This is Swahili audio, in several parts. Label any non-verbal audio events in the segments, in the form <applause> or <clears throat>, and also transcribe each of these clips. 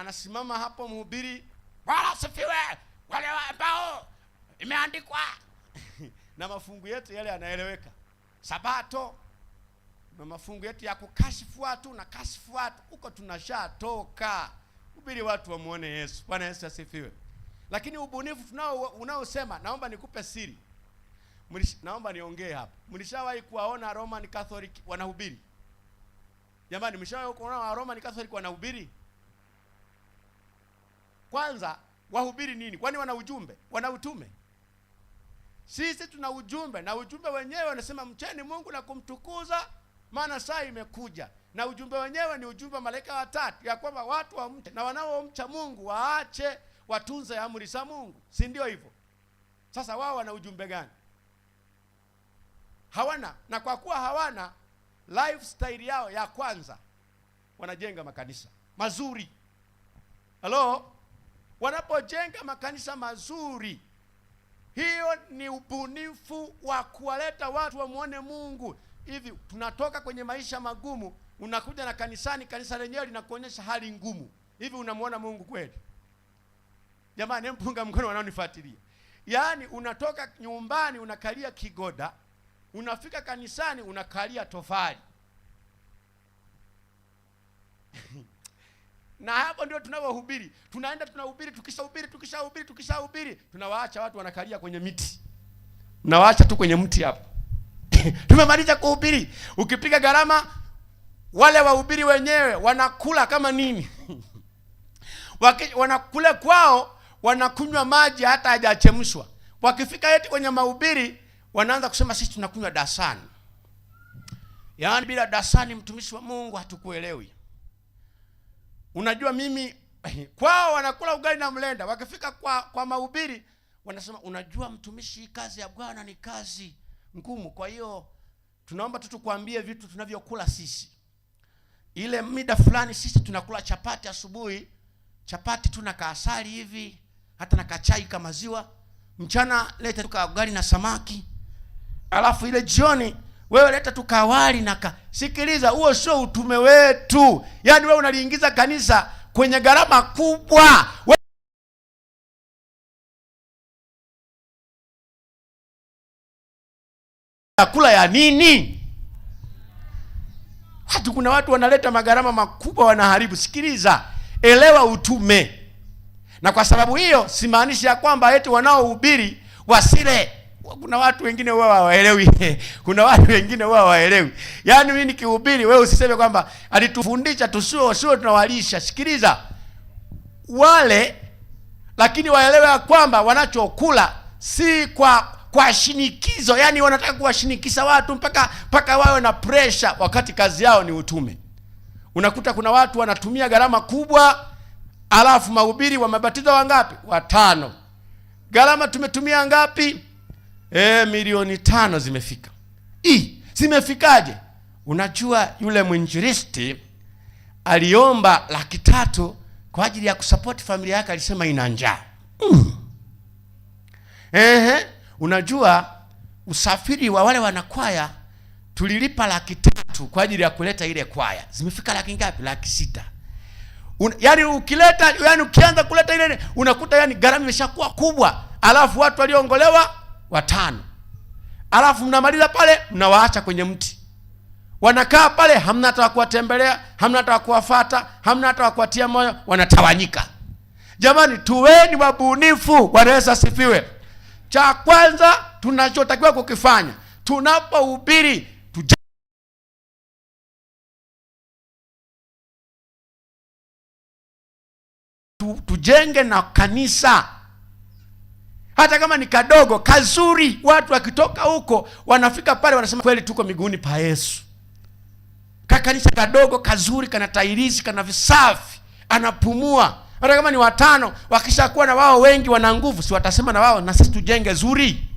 anasimama hapo mhubiri, Bwana asifiwe, wale ambao imeandikwa <laughs> na mafungu yetu yale yanaeleweka, Sabato na mafungu yetu ya kukashifu watu na kashifu watu, huko tunashatoka. Hubiri watu wamuone Yesu. Bwana Yesu asifiwe. Lakini ubunifu tunao unaosema, naomba nikupe siri, Mulish, naomba niongee hapa. Mlishawahi kuwaona Roman Catholic wanahubiri? Jamani, mlishawahi kuona wa Roman Catholic wanahubiri? Kwanza wahubiri nini? Kwani wana ujumbe? Wana utume? Sisi tuna ujumbe, na ujumbe wenyewe wanasema mcheni Mungu na kumtukuza, maana saa imekuja. Na ujumbe wenyewe ni ujumbe wa malaika watatu, ya kwamba watu wamche na wanaomcha Mungu waache watunze amri za Mungu, si ndio hivyo? Sasa wao wana ujumbe gani? Hawana. Na kwa kuwa hawana, lifestyle yao ya kwanza wanajenga makanisa mazuri. Halo, wanapojenga makanisa mazuri, hiyo ni ubunifu wa kuwaleta watu wamwone Mungu. Hivi tunatoka kwenye maisha magumu, unakuja na kanisani, kanisa lenyewe linakuonyesha hali ngumu. Hivi unamwona Mungu kweli? Jamani, empunga mkono wanaonifuatilia. Yaani unatoka nyumbani unakalia kigoda, unafika kanisani unakalia tofali <laughs> na hapo ndio tunawahubiri. Tunaenda tunahubiri, tukishahubiri, tukishahubiri, tukishahubiri, tunawaacha watu wanakalia kwenye miti, mnawaacha tu kwenye mti hapo. <laughs> Tumemaliza kuhubiri, ukipiga gharama, wale wahubiri wenyewe wanakula kama nini? <laughs> wanakula kwao, wanakunywa maji hata hajachemshwa. Wakifika yeti kwenye mahubiri, wanaanza kusema sisi tunakunywa dasani, yaani bila dasani, mtumishi wa Mungu hatukuelewi. Unajua mimi <clears throat> kwao wanakula ugali na mlenda, wakifika kwa kwa mahubiri wanasema, unajua mtumishi, kazi ya Bwana ni kazi ngumu. Kwa hiyo tunaomba tu tukwambie vitu tunavyokula sisi. Ile mida fulani sisi tunakula chapati asubuhi, chapati tu na kaasali hivi, hata na kachai maziwa Mchana leta tuka ugali na samaki, alafu ile jioni wewe leta tu kawali na ka. Sikiliza, huo sio utume wetu. Yaani wewe unaliingiza kanisa kwenye gharama kubwa we kula ya nini? Hata kuna watu wanaleta magharama makubwa, wanaharibu. Sikiliza, elewa utume. Na kwa sababu hiyo simaanishi ya kwamba eti wanaohubiri wasile kuna watu wengine wao hawaelewi. <laughs> Kuna watu wengine wao hawaelewi. Yaani mimi nikihubiri, wewe usiseme kwamba alitufundisha tusiwe sio tunawalisha. Sikiliza wale, lakini waelewe ya kwamba wanachokula si kwa kwa shinikizo. yani wanataka kuwashinikiza watu mpaka mpaka wawe na pressure, wakati kazi yao ni utume. Unakuta kuna watu wanatumia gharama kubwa, alafu mahubiri wamebatiza wangapi? Watano. Gharama tumetumia ngapi? e, milioni tano zimefika. I, zimefikaje? Unajua yule mwinjilisti aliomba laki tatu kwa ajili ya kusapoti familia yake, alisema ina njaa mm. Ehe, unajua usafiri wa wale wanakwaya tulilipa laki tatu kwa ajili ya kuleta ile kwaya, zimefika laki ngapi? Laki sita. Un, yani ukileta yani ukianza kuleta ile unakuta yani gharama imeshakuwa kubwa, alafu watu waliongolewa watano, alafu mnamaliza pale, mnawaacha kwenye mti, wanakaa pale, hamna hata wakuwatembelea, hamna hata wakuwafata, hamna hata wakuwatia moyo, wanatawanyika. Jamani, tuweni wabunifu. Bwana Yesu asifiwe. Cha kwanza tunachotakiwa kukifanya tunapohubiri tujenge na kanisa hata kama ni kadogo kazuri. Watu wakitoka huko wanafika pale wanasema kweli tuko miguuni pa Yesu. Kakanisa kadogo kazuri, kana tairizi, kana visafi, anapumua. Hata kama ni watano, wakishakuwa na wao wengi wana nguvu, si watasema na wao na sisi tujenge zuri.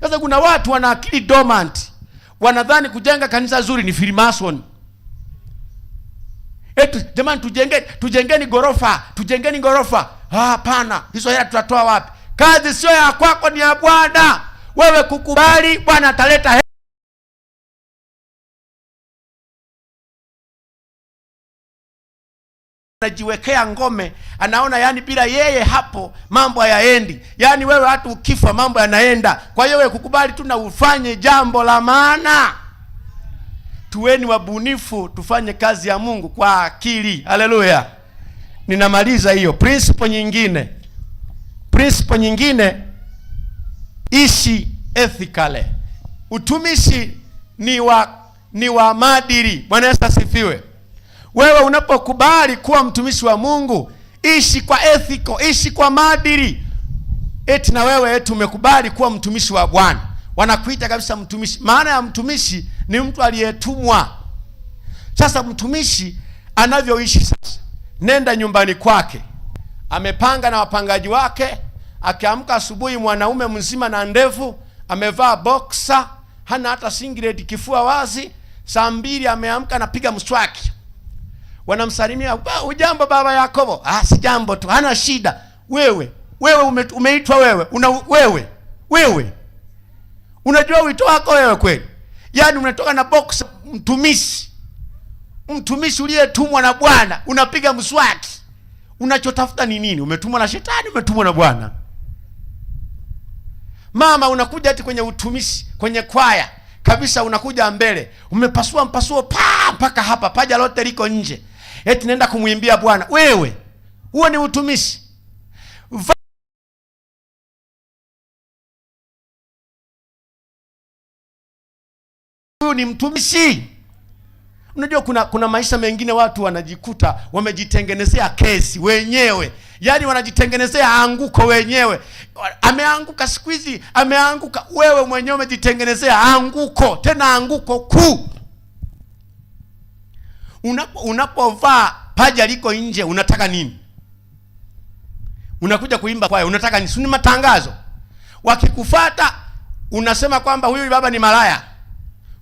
Sasa kuna watu wana akili dormant, wanadhani kujenga kanisa zuri ni Freemason. Eti jamani tujenge, tujengeni gorofa, tujengeni gorofa. Ah, hapana. Hizo hela tutatoa wapi? Kazi sio ya kwako, ni ya Bwana. Wewe kukubali, Bwana ataleta anajiwekea ngome, anaona yani bila yeye hapo mambo hayaendi. Yani wewe hata ukifa mambo yanaenda. Kwa hiyo wewe kukubali tu na ufanye jambo la maana. Tuweni wabunifu, tufanye kazi ya Mungu kwa akili. Haleluya! Ninamaliza hiyo principle nyingine Principle nyingine, ishi ethically. Utumishi ni wa ni wa maadili. Bwana Yesu asifiwe. Wewe unapokubali kuwa mtumishi wa Mungu, ishi kwa ethical, ishi kwa maadili. Eti na wewe eti umekubali kuwa mtumishi wa Bwana, wanakuita kabisa mtumishi. Maana ya mtumishi ni mtu aliyetumwa. Sasa mtumishi anavyoishi sasa, nenda nyumbani kwake, amepanga na wapangaji wake Akiamka asubuhi, mwanaume mzima na ndevu, amevaa boksa, hana hata singlet, kifua wazi. Saa mbili ameamka, anapiga mswaki, wanamsalimia, ujambo baba Yakobo? Ah, si jambo tu, hana shida. Wewe wewe ume, umeitwa wewe una wewe wewe unajua wito wako wewe kweli? Yaani unatoka na box, mtumishi mtumishi uliyetumwa na Bwana, unapiga mswaki. Unachotafuta ni nini? Umetumwa na shetani? Umetumwa na Bwana? Mama unakuja hati kwenye utumishi, kwenye kwaya kabisa, unakuja mbele umepasua mpasuo pa mpaka hapa, paja lote liko nje, eti naenda kumwimbia Bwana. Wewe huo ni utumishi? Va ni mtumishi. Unajua kuna kuna maisha mengine watu wanajikuta wamejitengenezea kesi wenyewe yaani wanajitengenezea anguko wenyewe. Ameanguka siku hizi, ameanguka. Wewe mwenyewe umejitengenezea anguko, tena anguko kuu. Unapo unapovaa paja liko nje, unataka nini? Unakuja kuimba kwaya, unataka nini? Ni matangazo. Wakikufata unasema kwamba huyu baba ni malaya,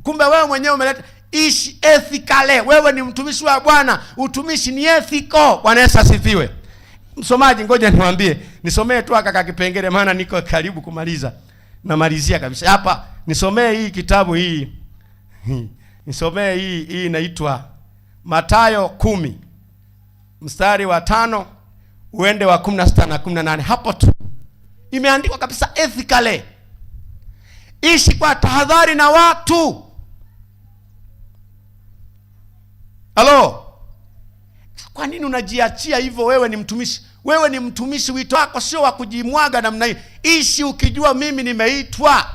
kumbe wewe mwenyewe umeleta ishi ethikale. Wewe ni mtumishi wa Bwana, utumishi ni ethiko. Bwana Yesu asifiwe. Msomaji, ngoja niwaambie, nisomee tu aka kipengele, maana niko karibu kumaliza, namalizia kabisa hapa. Nisomee hii kitabu hii, <laughs> nisomee hii hii, inaitwa Mathayo kumi mstari wa tano uende wa kumi na sita na kumi na nane hapo tu imeandikwa kabisa ethically. Ishi kwa tahadhari na watu halo kwa nini unajiachia hivyo? Wewe ni mtumishi, wewe ni mtumishi. Wito wako sio wa kujimwaga namna hii. Ishi ukijua mimi nimeitwa,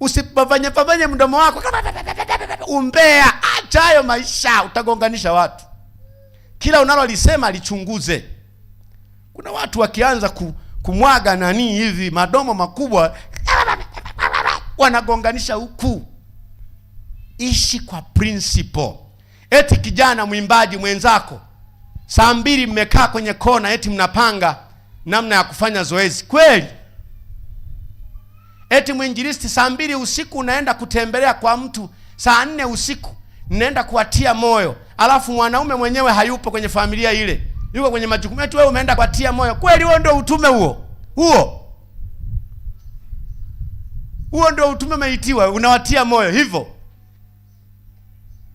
usipavanye pavanye mdomo wako umbea. Acha hayo maisha, utagonganisha watu. Kila unalolisema lichunguze. Kuna watu wakianza ku, kumwaga nani hivi madomo makubwa wanagonganisha huku. Ishi kwa principle eti kijana mwimbaji mwenzako saa mbili mmekaa kwenye kona, eti mnapanga namna ya kufanya zoezi kweli? Eti mwinjilisti saa mbili usiku unaenda kutembelea kwa mtu saa nne usiku naenda kuwatia moyo, alafu mwanaume mwenyewe hayupo kwenye familia ile, yuko kwenye majukumu. Eti wewe umeenda kuwatia moyo kweli? Huo ndio utume huo huo huo ndio utume umeitiwa, unawatia moyo hivyo?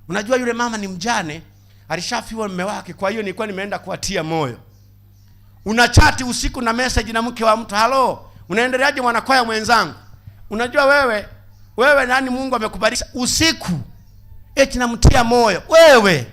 unajua yule mama ni mjane, alishafiwa mume wake, kwa hiyo nilikuwa nimeenda kuwatia moyo. Unachati usiku na message na mke wa mtu, halo, unaendeleaje mwanakwaya mwenzangu? Unajua wewe wewe nani Mungu amekubariki usiku eti namtia moyo wewe,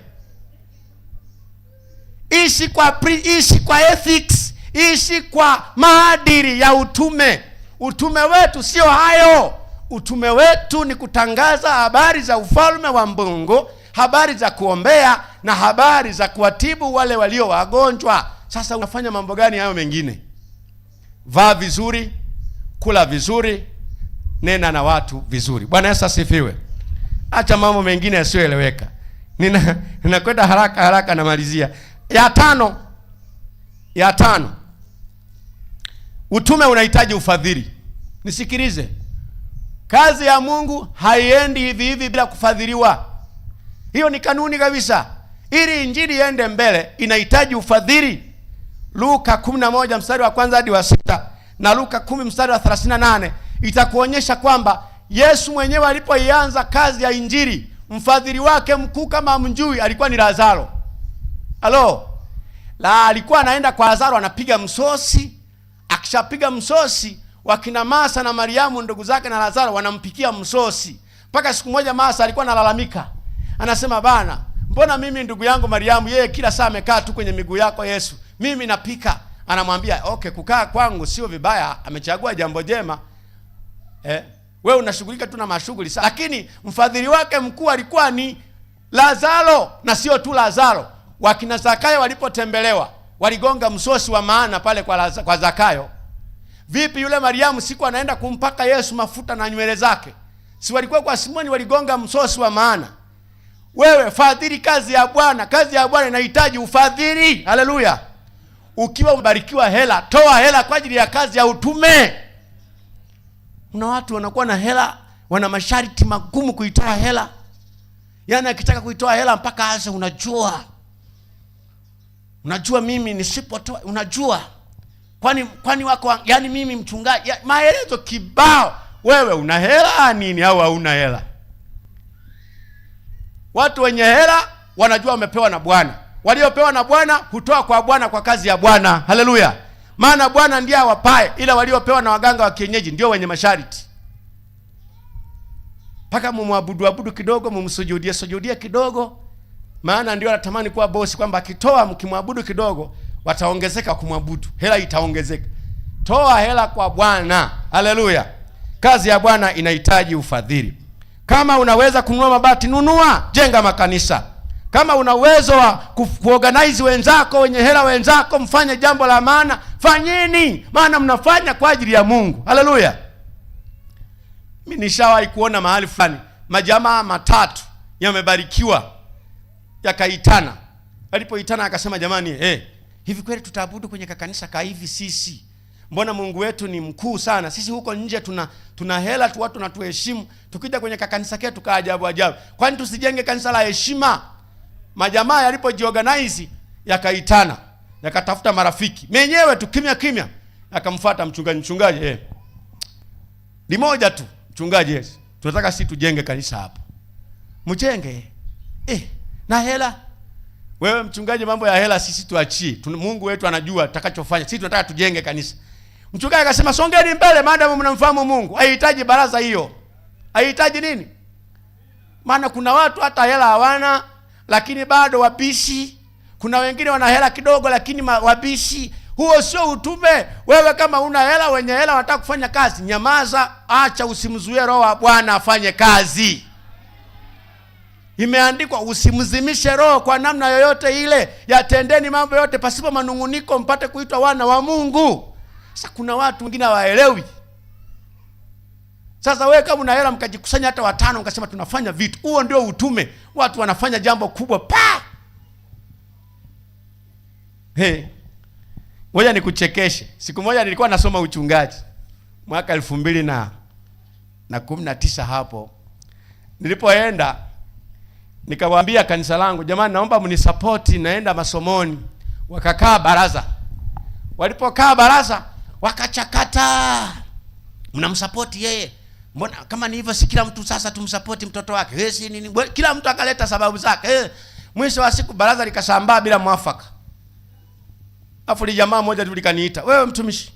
ishi kwa pri, ishi kwa ethics, ishi kwa maadili ya utume. Utume wetu sio hayo utume wetu ni kutangaza habari za ufalme wa Mungu, habari za kuombea na habari za kuwatibu wale walio wagonjwa. Sasa unafanya mambo gani hayo mengine? Vaa vizuri, kula vizuri, nena na watu vizuri. Bwana Yesu asifiwe. Acha mambo mengine yasiyoeleweka. Nina ninakwenda haraka haraka, namalizia ya tano. Ya tano, utume unahitaji ufadhili. Nisikilize. Kazi ya Mungu haiendi hivi hivi bila kufadhiliwa. Hiyo ni kanuni kabisa. Ili injili iende mbele inahitaji ufadhili. Luka 11 mstari wa kwanza hadi wa sita na Luka 10 mstari wa 38 itakuonyesha kwamba Yesu mwenyewe alipoianza kazi ya injili, mfadhili wake mkuu kama mjui alikuwa ni Lazaro. Halo. La, alikuwa anaenda kwa Lazaro anapiga msosi, akishapiga msosi wakina Masa na Mariamu ndugu zake na Lazaro wanampikia msosi. Mpaka siku moja Masa alikuwa analalamika, anasema bana, mbona mimi ndugu yangu Mariamu yeye kila saa amekaa tu kwenye miguu yako Yesu, mimi napika. Anamwambia okay, kukaa kwangu sio vibaya, amechagua jambo jema eh, we unashughulika tu na mashughuli sasa. lakini mfadhili wake mkuu alikuwa ni Lazaro, na sio tu Lazaro. Wakina Zakayo walipotembelewa waligonga msosi wa maana pale kwa, kwa Zakayo Vipi yule Mariamu siku anaenda kumpaka Yesu mafuta na nywele zake, si walikuwa kwa Simoni waligonga msosi wa maana? Wewe fadhili kazi ya Bwana. Kazi ya Bwana inahitaji ufadhili. Haleluya! Ukiwa umebarikiwa hela, toa hela kwa ajili ya kazi ya utume. Kuna watu wanakuwa na hela, wana masharti magumu kuitoa hela, yaani akitaka kuitoa hela mpaka ase, unajua, unajua mimi nisipotoa, unajua kwani kwani wako yani mimi mchungaji ya, maelezo kibao. Wewe una hela nini au hauna hela? Watu wenye hela wanajua wamepewa na Bwana, waliopewa na Bwana hutoa kwa Bwana kwa kazi ya Bwana. Haleluya! maana Bwana ndiye awapae ila waliopewa na waganga wa kienyeji ndio wenye masharti mpaka mumwabudu abudu kidogo, mumsujudie sujudie kidogo, maana ndio anatamani kuwa bosi, kwamba akitoa mkimwabudu kidogo wataongezeka kumwabudu, hela itaongezeka. Toa hela kwa Bwana. Haleluya! Kazi ya Bwana inahitaji ufadhili. Kama unaweza kununua mabati, nunua, jenga makanisa. Kama una uwezo wa kuorganize wenzako wenye hela wenzako, mfanye jambo la maana, fanyeni, maana mnafanya kwa ajili ya Mungu. Haleluya! Mimi nishawahi kuona mahali fulani majamaa matatu yamebarikiwa yakaitana, alipoitana akasema, jamani, eh hey, Hivi kweli tutaabudu kwenye kakanisa ka hivi sisi? Mbona Mungu wetu ni mkuu sana. Sisi huko nje tuna tuna hela tu, watu natuheshimu, tukija kwenye kakanisa ketu ka ajabu ajabu. Kwani tusijenge kanisa la heshima? Majamaa yalipojiorganize yakaitana, yakatafuta marafiki, menyewe tu kimya kimya akamfuata mchungaji. Mchungaji eh, limoja tu mchungaji, yes, tunataka sisi tujenge kanisa hapo Mjenge eh, na hela wewe mchungaji, mambo ya hela sisi tuachie. Mungu wetu anajua tutakachofanya. Sisi tunataka tujenge kanisa. Mchungaji akasema songeni mbele, maadamu mnamfahamu Mungu. Haihitaji baraza hiyo, haihitaji nini. Maana kuna watu hata hela hawana, lakini bado wabishi. Kuna wengine wana hela kidogo, lakini wabishi. Huo sio utume. Wewe kama una hela, wenye hela wanataka kufanya kazi, nyamaza, acha, usimzuie Roho wa Bwana afanye kazi. Imeandikwa, usimzimishe Roho kwa namna yoyote ile, yatendeni mambo yote pasipo manung'uniko, mpate kuitwa wana wa Mungu. Sasa kuna watu wengine hawaelewi. Sasa wewe kama una hela, mkajikusanya hata watano, mkasema tunafanya vitu, huo ndio utume. Watu wanafanya jambo kubwa pa hey. Ngoja nikuchekeshe. Siku moja nilikuwa nasoma uchungaji mwaka elfu mbili na na kumi na tisa hapo nilipoenda nikawaambia kanisa langu, jamani, naomba mnisapoti, naenda masomoni. Wakakaa baraza, walipokaa baraza wakachakata, mnamsapoti yeye, mbona kama ni hivyo, si kila mtu sasa tumsapoti mtoto wake eh, si nini? Kila mtu akaleta sababu zake eh. Mwisho wa siku baraza likasambaa bila mwafaka. Afu jamaa moja tu likaniita, wewe mtumishi,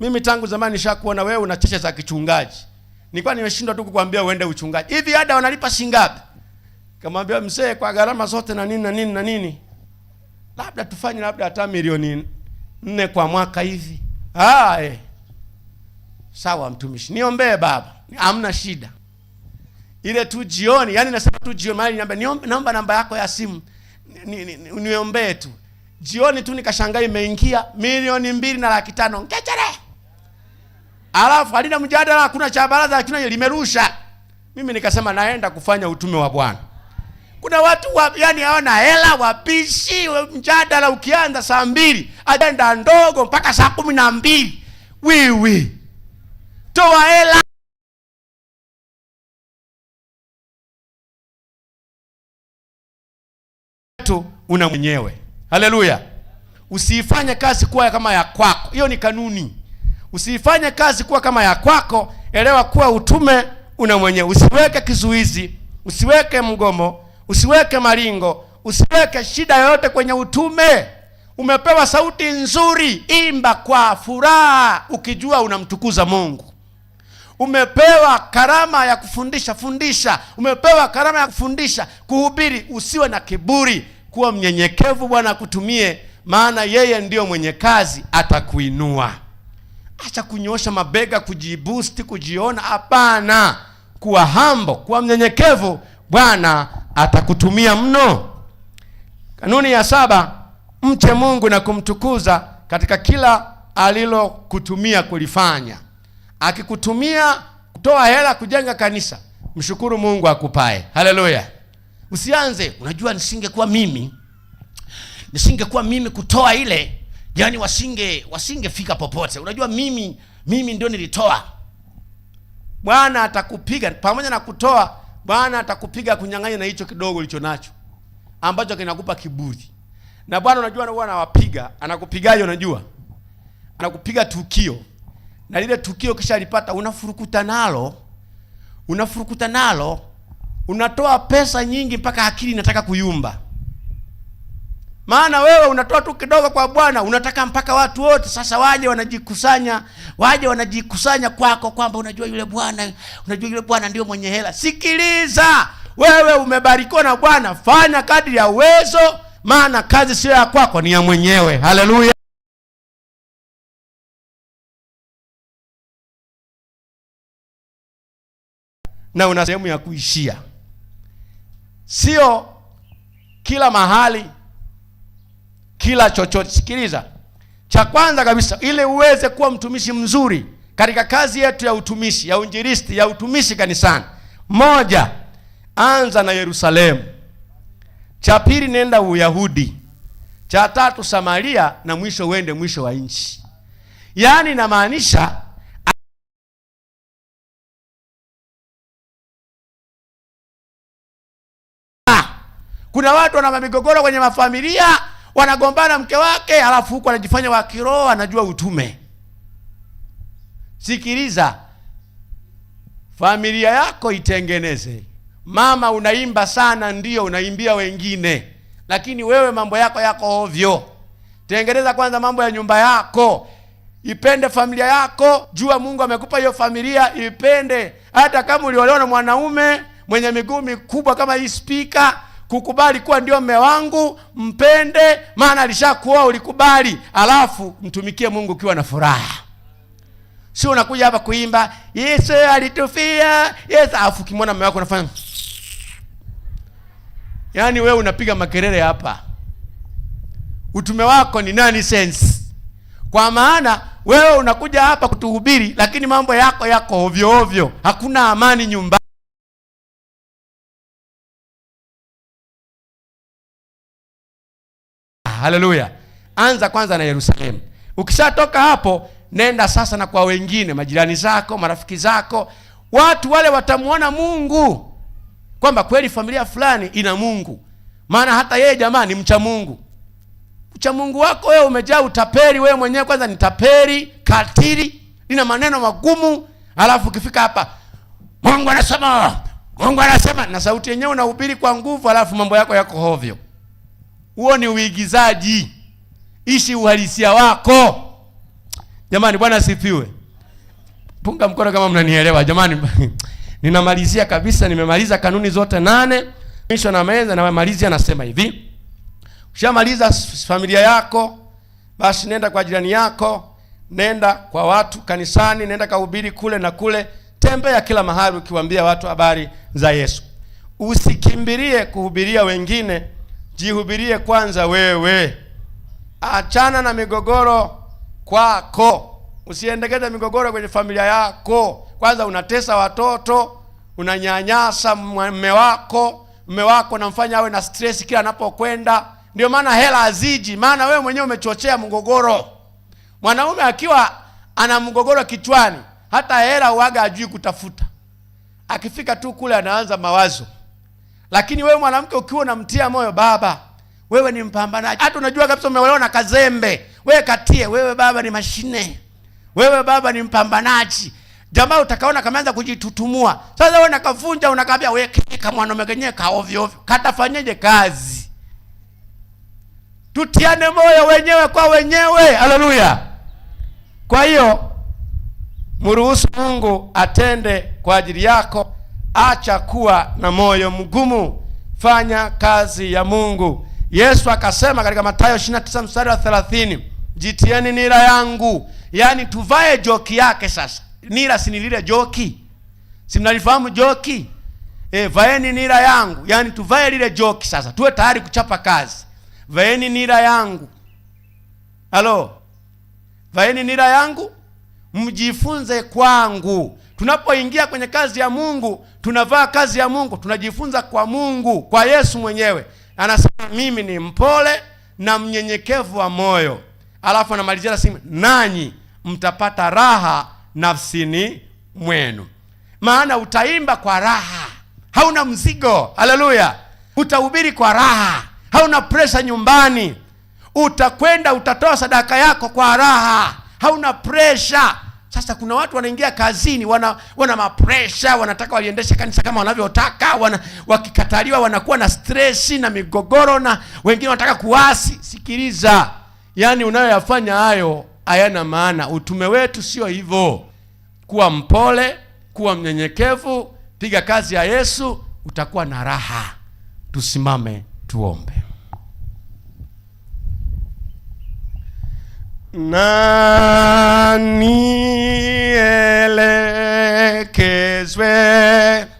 mimi tangu zamani nishakuona wewe una cheche za kichungaji, nilikuwa nimeshindwa tu kukwambia uende uchungaji. Hivi ada wanalipa shilingi ngapi? kamwambia mzee, kwa gharama zote na nini na nini na nini, labda tufanye labda hata milioni nne kwa mwaka hivi. Ah, Sawa mtumishi, niombee baba, hamna shida. Ile tu jioni, yani nasema tu jioni, mali niambia, niombe, naomba namba yako ya simu niombee tu jioni tu, nikashangaa imeingia milioni mbili na laki tano ngechere, alafu halina mjadala, hakuna cha baraza, lakini limerusha. Mimi nikasema naenda kufanya utume wa Bwana. Kuna watu wa, yani hawana hela, wapishi. Mjadala ukianza saa mbili, ajenda ndogo mpaka saa kumi na mbili. wiwi toa hela una mwenyewe. Haleluya! Usiifanye kazi kuwa kama ya kwako. Hiyo ni kanuni. Usiifanye kazi kuwa kama ya kwako. Elewa kuwa utume una mwenyewe. Usiweke kizuizi, usiweke mgomo usiweke maringo, usiweke shida yoyote kwenye utume. Umepewa sauti nzuri, imba kwa furaha, ukijua unamtukuza Mungu. Umepewa karama ya kufundisha, fundisha. Umepewa karama ya kufundisha, kuhubiri. Usiwe na kiburi, kuwa mnyenyekevu. Bwana akutumie, maana yeye ndiyo mwenye kazi, atakuinua. Acha kunyosha mabega, kujibusti, kujiona. Hapana, kuwa hambo, kuwa mnyenyekevu. Bwana atakutumia mno. Kanuni ya saba, mche Mungu na kumtukuza katika kila alilokutumia kulifanya. Akikutumia kutoa hela kujenga kanisa, mshukuru Mungu akupae. Haleluya! Usianze unajua, nisingekuwa mimi nisingekuwa mimi kutoa ile, yani wasinge wasingefika popote. Unajua mimi mimi ndio nilitoa. Bwana atakupiga pamoja na kutoa Bwana atakupiga kunyang'anya na hicho kidogo ulicho nacho ambacho kinakupa kiburi. Na Bwana unajua anakuwa anawapiga, anakupigaje? Unajua anakupiga tukio, na lile tukio kisha alipata, unafurukuta nalo, unafurukuta nalo, unatoa pesa nyingi mpaka akili inataka kuyumba maana wewe unatoa tu kidogo kwa Bwana, unataka mpaka watu wote sasa waje wanajikusanya, waje wanajikusanya kwako, kwamba unajua yule bwana, unajua yule bwana ndio mwenye hela. Sikiliza, wewe umebarikiwa na Bwana, fanya kadri ya uwezo, maana kazi sio ya kwako, ni ya mwenyewe. Haleluya. na una sehemu ya kuishia, sio kila mahali kila chochote. Sikiliza, cha kwanza kabisa, ili uweze kuwa mtumishi mzuri katika kazi yetu ya utumishi ya uinjilisti ya utumishi kanisani, moja, anza na Yerusalemu. Cha pili, nenda Uyahudi. Cha tatu, Samaria, na mwisho uende mwisho wa nchi. Yaani namaanisha ah, kuna watu wana migogoro kwenye mafamilia wanagombana mke wake, alafu huko anajifanya wa kiroho, anajua utume. Sikiliza, familia yako itengeneze. Mama unaimba sana, ndiyo unaimbia wengine, lakini wewe mambo yako yako ovyo. Tengeneza kwanza mambo ya nyumba yako, ipende familia yako, jua Mungu amekupa hiyo familia, ipende. Hata kama uliolewa na mwanaume mwenye miguu mikubwa kama hii spika kukubali kuwa ndio mme wangu, mpende, maana alishakuoa ulikubali, alafu mtumikie Mungu ukiwa na furaha. Si unakuja hapa kuimba Yesu alitufia, Yesu afu kimwona mme wako unafanya yaani, wewe unapiga makelele hapa, utume wako ni nonsense. Kwa maana wewe unakuja hapa kutuhubiri, lakini mambo yako yako ovyo ovyo, hakuna amani nyumbani. haleluya. Anza kwanza na Yerusalemu. Ukishatoka hapo, nenda sasa na kwa wengine, majirani zako, marafiki zako, watu wale watamwona Mungu kwamba kweli familia fulani ina Mungu, maana hata yeye jamaa ni mcha Mungu. Mcha Mungu wako wewe umejaa utaperi wewe mwenyewe kwanza ni taperi katili, lina maneno magumu, alafu ukifika hapa Mungu anasema, Mungu anasema, na sauti yenyewe unahubiri kwa nguvu, alafu mambo yako yako hovyo. Huo ni uigizaji, ishi uhalisia wako jamani. Bwana asifiwe. Punga mkono kama mnanielewa jamani. <laughs> Ninamalizia kabisa, nimemaliza kanuni zote nane mwisho na meza na malizia, nasema hivi: ushamaliza familia yako, basi nenda kwa jirani yako, nenda kwa watu kanisani, nenda kahubiri kule na kule, tembea kila mahali ukiwaambia watu habari za Yesu. Usikimbilie kuhubiria wengine jihubirie kwanza wewe, achana na migogoro kwako, usiendekeze migogoro kwenye familia yako. Kwanza unatesa watoto, unanyanyasa mume wako, mume wako namfanya awe na stress kila anapokwenda. Ndio maana hela haziji, maana wewe mwenyewe umechochea mgogoro. Mwanaume akiwa ana mgogoro kichwani, hata hela uaga ajui kutafuta, akifika tu kule anaanza mawazo lakini wewe mwanamke ukiwa unamtia moyo baba, wewe ni mpambanaji, hata unajua kabisa umeolewa na kazembe, wewe katie, wewe baba ni mashine, wewe baba ni mpambanaji jamaa utakaona kameanza kujitutumua sasa, wewe nakavunja, unakaambia wewe keka mwanaume ka ovyo ovyo, katafanyeje kazi? Tutiane moyo wenyewe kwa wenyewe, haleluya. Kwa hiyo mruhusu Mungu atende kwa ajili yako acha kuwa na moyo mgumu, fanya kazi ya Mungu. Yesu akasema katika Mathayo 29 mstari wa 30, jitieni nira yangu, yaani tuvae joki yake. Sasa nira si lile joki, si mnalifahamu joki? E, vaeni nira yangu, yaani tuvae lile joki. Sasa tuwe tayari kuchapa kazi. Vaeni nira yangu, halo, vaeni nira yangu, mjifunze kwangu. Tunapoingia kwenye kazi ya Mungu tunavaa kazi ya Mungu, tunajifunza kwa Mungu, kwa Yesu mwenyewe. Anasema mimi ni mpole na mnyenyekevu wa moyo, alafu anamalizia nasema, nanyi mtapata raha nafsini mwenu, maana utaimba kwa raha, hauna mzigo. Haleluya! Utahubiri kwa raha, hauna presha nyumbani. Utakwenda utatoa sadaka yako kwa raha, hauna presha sasa kuna watu wanaingia kazini, wana wana mapresha, wanataka waliendeshe kanisa kama wanavyotaka, wana wakikataliwa wanakuwa na stresi na migogoro, na wengine wanataka kuasi. Sikiliza, yaani unayoyafanya hayo hayana maana. Utume wetu sio hivyo. Kuwa mpole, kuwa mnyenyekevu, piga kazi ya Yesu, utakuwa na raha. Tusimame tuombe. Nani ele kezwe